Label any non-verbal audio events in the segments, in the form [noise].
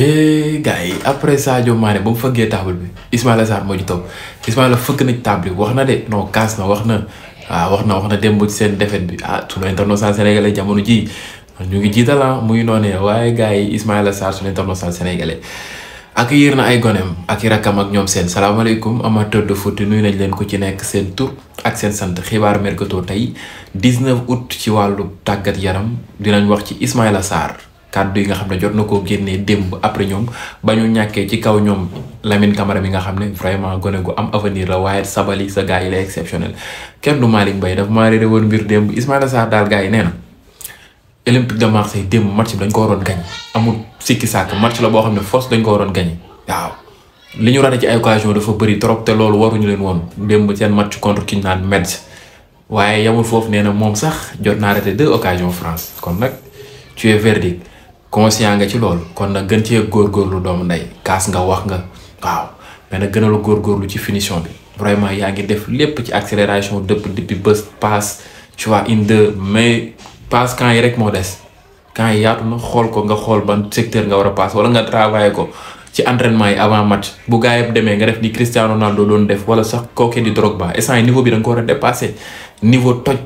et eh, gars yi après Sadio Mané ba mu fëggee table bi Ismaïla Sarr moo ci topp Ismaïla fëgg na ci table bi wax na de no kaas na wax na waaw ah, wax na wax na démb ci seen defet bi ah sunu international sénégalais jamono ji ñu ngi jiital ah muy noonee waaye gars yi Ismaïla Sarr sunu international ak accueillir na ay goneem ak i rakkam ak ñoom seen salaamaaleykum amateur de foot nuyu nañ leen ko ci nekk seen tur ak seen sant xibaar mercato tey 19 août ci wàllu tàggat yaram dinañ wax ci Ismaïla Sarr. kàddu yi nga xam ne jot na koo génnee démb après ñoom ba ñu ñàkkee ci kaw ñoom Lamine Camara mi nga xam ne vraiment gone gu am avenir la waaye Sabaly sa gars yi la exceptionnel kenn du Malick Mbaye daf maa réeré woon mbir démb Ismaïla Sarr daal gars yi nee na Olympique de Marseille démb match bi dañ ko waroon gañ amul sikki sàkk match la boo xam ne force dañ ko waroon gañ waaw li ñu rate ci ay dafa bëri trop te loolu waruñu leen woon démb seen match contre ki ñu naan Metz waaye yamul foofu nee na moom sax jot naa raté deux occasions France kon nag tu conscient nga ci lool kon nag gën cee góorlu doomu ndey kaas nga wax nga waaw mais nag góor góorgóorlu ci finition bi vraiment yaa ngi def lépp ci accélération dëpp depuis bés passe tu vois une deux mais passe camp yi rek moo des kan yi yaatu na xool ko nga xool ban secteur nga war a passe wala nga travailler ko ci entraînement yi avant match bu gaa yëpp demee nga def di Cristiano doo doon def wala sax kookee di Drogba instant yi niveau bi da nga ko war a dépasser niveau toj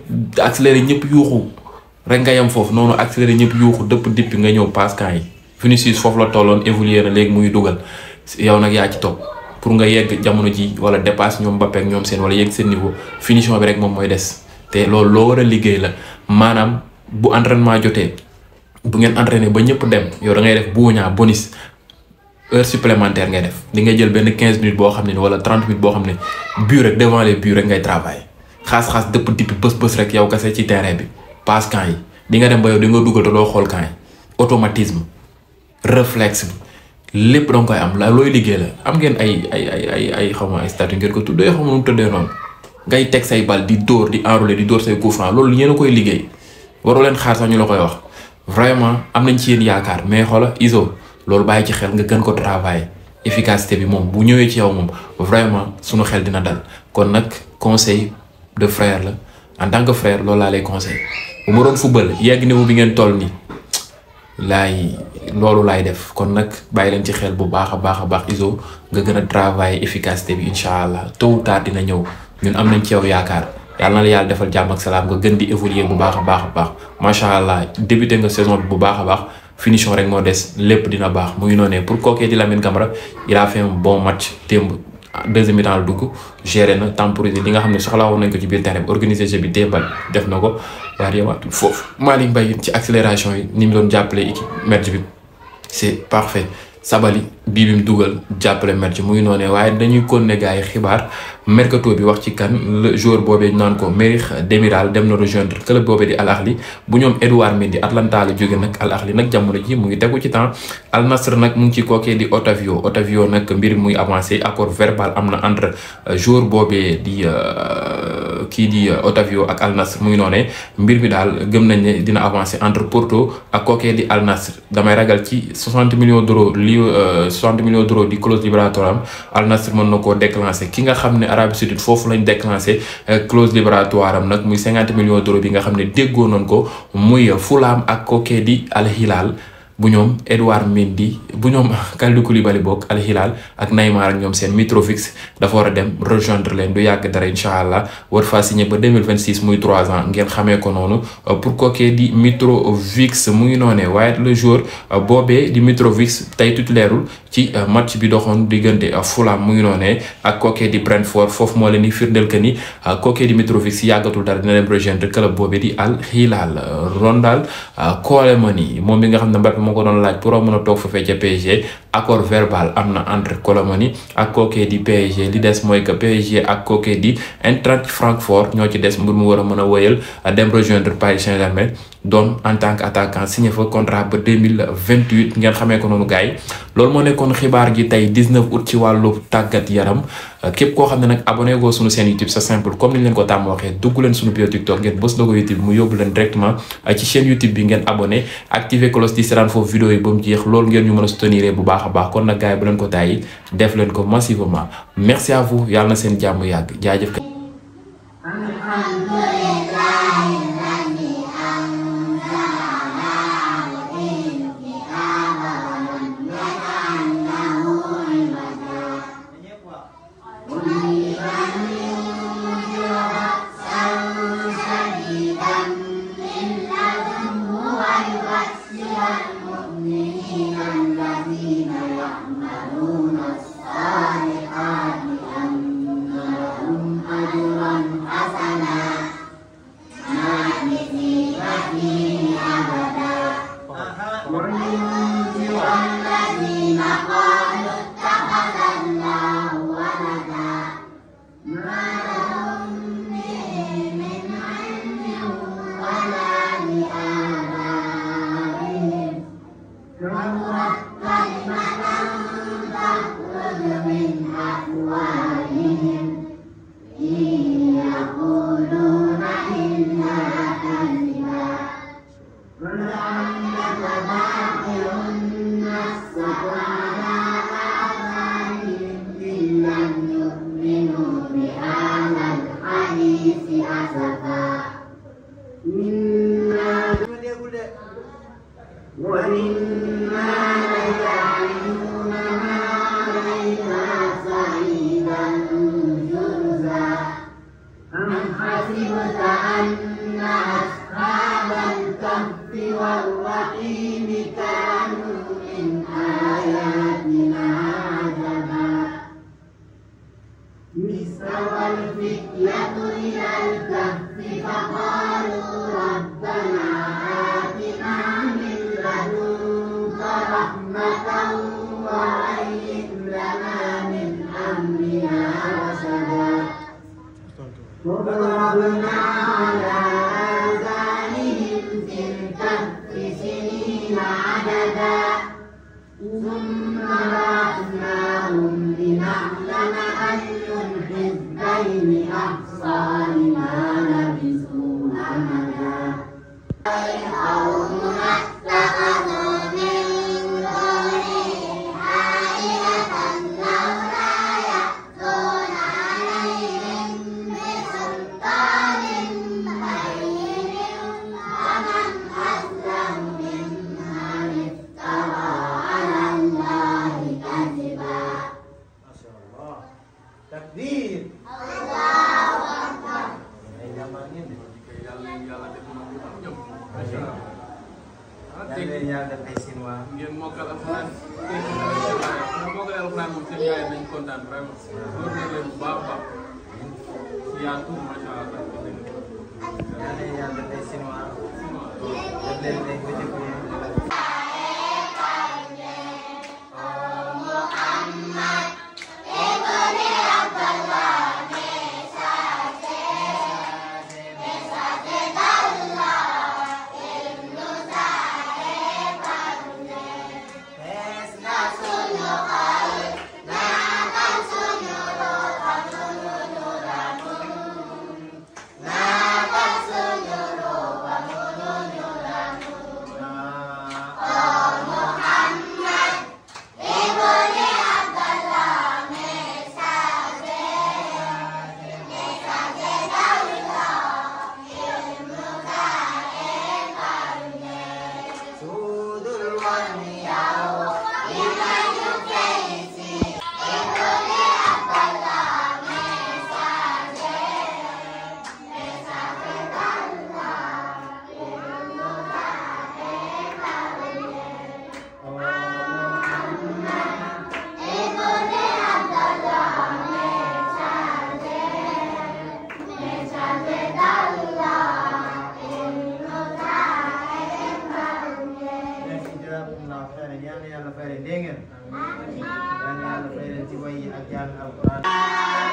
accéléré ñëpp yuuxu rek nga yem foofu noonu accéléré ñëpp yuuxu dëpp dippi nga ñëw passe camp yi Vinicius foofu la tolloon évolué na léegi muy dugal yow nag yaa ci topp pour nga yegg jamono ji wala dépasse ñoom Mbappé ñoom seen wala yegg seen niveau finition bi rek moom mooy des te loolu loo war a liggéey la maanaam bu entraînement jotee bu ngeen entraîné ba ñëpp dem yow da ngay def buuñaa bonus heure supplémentaire ngay def di nga jël benn 15 minutes boo xam ne wala 30 minutes boo xam ne but rek devant les ngay travailler xaas-xaas dëpp dippi bës bës rek yow kase ci terrain bi passe camp yi di nga dem ba yow di nga dugal te xool camp yi automatisme réflexe bi lépp danga koy am la looy liggéey la am ngeen ay ay ay ay ay xaw ma ay statut ngeen ko tuddee xaw ma nu mu tëddee noonu ngay teg say bal di dóor di enrouler di dóor say coup loolu yéen a koy liggéey waroo leen xaar ñu la koy wax vraiment am nañ ci yéen yaakaar mais xoola iso loolu bàyyi ci xel nga gën ko travailler efficacité bi moom bu ñëwee ci yow moom vraiment suñu xel dina dal kon nag conseil de frère la en tant que frère loolu laa lay conseil bu ma doon football yegg niveau bi ngeen tool nii laay loolu laay def kon nag bàyyi leen ci xel bu baax a baax a baax Izo nga gën a travailler efficacité bi incha allah tôt ou tard dina ñëw ñun am nañ ci yow yaakaar yàlla na la yàlla defal jàmm ak salaam nga gën di évoluer bu baax a baax a baax macha allah débuté nga saison bi bu baax a baax finition rek moo des lépp dina baax mu ngi noonee pour kooku di Lamine Camara il a fait un bon match témb deuxième mi-temps dugg géré na temporiser li nga xam ne soxlaa woon nañ ko ci biir terrain bi organiser jeu bi démbal def na ko waaye yemaatul foofu Malick mbay ci accélération yi ni mu doon jàppale équipe match bi c'est parfait Sabali bii bi mu dugal jàppale match mu ngi noonee waaye dañuy continuer gars yi xibaar mercato bi wax ci kan jour boobe naan ko Merih Demiral dem na rejoindre club boobe di Al Ahli bu ñoom Edouard Mendy Atlanta la jóge nag Al Ahli nag jamono ji mu ngi tegu ci temps Al Nassr nag mu ngi ci kookee di Otavio Otavio nag mbir muy avancé accord verbal am na entre joueur boobe di euh, kii di euh, Otavio ak Al Nassr mu ngi noone mbir mi daal gëm nañ ne dina avancé entre Porto ak kookee soixante millions d'euros di clause libératoire am Al Nassr mën na koo déclenché ki nga xam ne Arabie Saoudite foofu lañ déclenché euh, clause libératoire am nag muy cinquante millions d'euros bi nga xam ne déggoo noonu ko muy Fulham ak kookee di Al Hilal bu ñoom Edouard Mendy bu ñoom [laughs] Kalidou Koulibaly bokk Al dem rejoindre leen du yàgg dara incha allah war faa signé ba 2026 muy 3 ans di Mitrovic mu ngi noonee waaye le ci euh, match bi doxoon diggante euh, Fulham mu ngi noonee ak kookee foofu moo leen di ni euh, kookee di Mitrovic yàggatul dara dina di Al Hilal Rondal Kolemani moom mi nga xam ne ma ko doon laaj pour mën a toog foofee ca PSG accord verbal am na entre Colomani ak kookee di PSG li des mooy que PSG ak kookee di Eintracht Francfort ñoo ci des mbir mu war a mën a wëyal dem rejoindre Paris Saint-Germain doon en tant que attaquant signé fa contrat ba deux mille vingt huit ngeen xamee ko noonu gars loolu moo nekkoon xibaar gi tey dix neuf août ci wàllu tàggat yaram euh, képp koo xam ne nag abonné goo suñu seen YouTube c'est simple comme niñ leen ko tàmm waxee dugg leen suñu page TikTok ngeen bës logo YouTube mu yóbbu leen directement euh, ci chaîne YouTube bi ngeen abonné activé cloche di seetaan foofu vidéo yi ba mu jeex loolu ngeen ñu mën a soutenir bu baax a baax kon nag def leen ko massivement merci à vous yàlla na seen jàmm yàgg jaajëf. Amen. وإن وضربنا على آذانهم في الكهف سنين عددا ثم ngeen yàggal ay seen waa. ngeen mokkal alxuraan. ngeen mokkal alxuraan moom seen yaay nañ kontaan vraiment. loolu la leen bu baax a baax. yaatu macha allah. daa leen yàggal ay seen waa. def leen ay bëccëg yal na yàlla fay leen dégg ngeen yal na yàlla fay leen ci way yi ak jàng alquran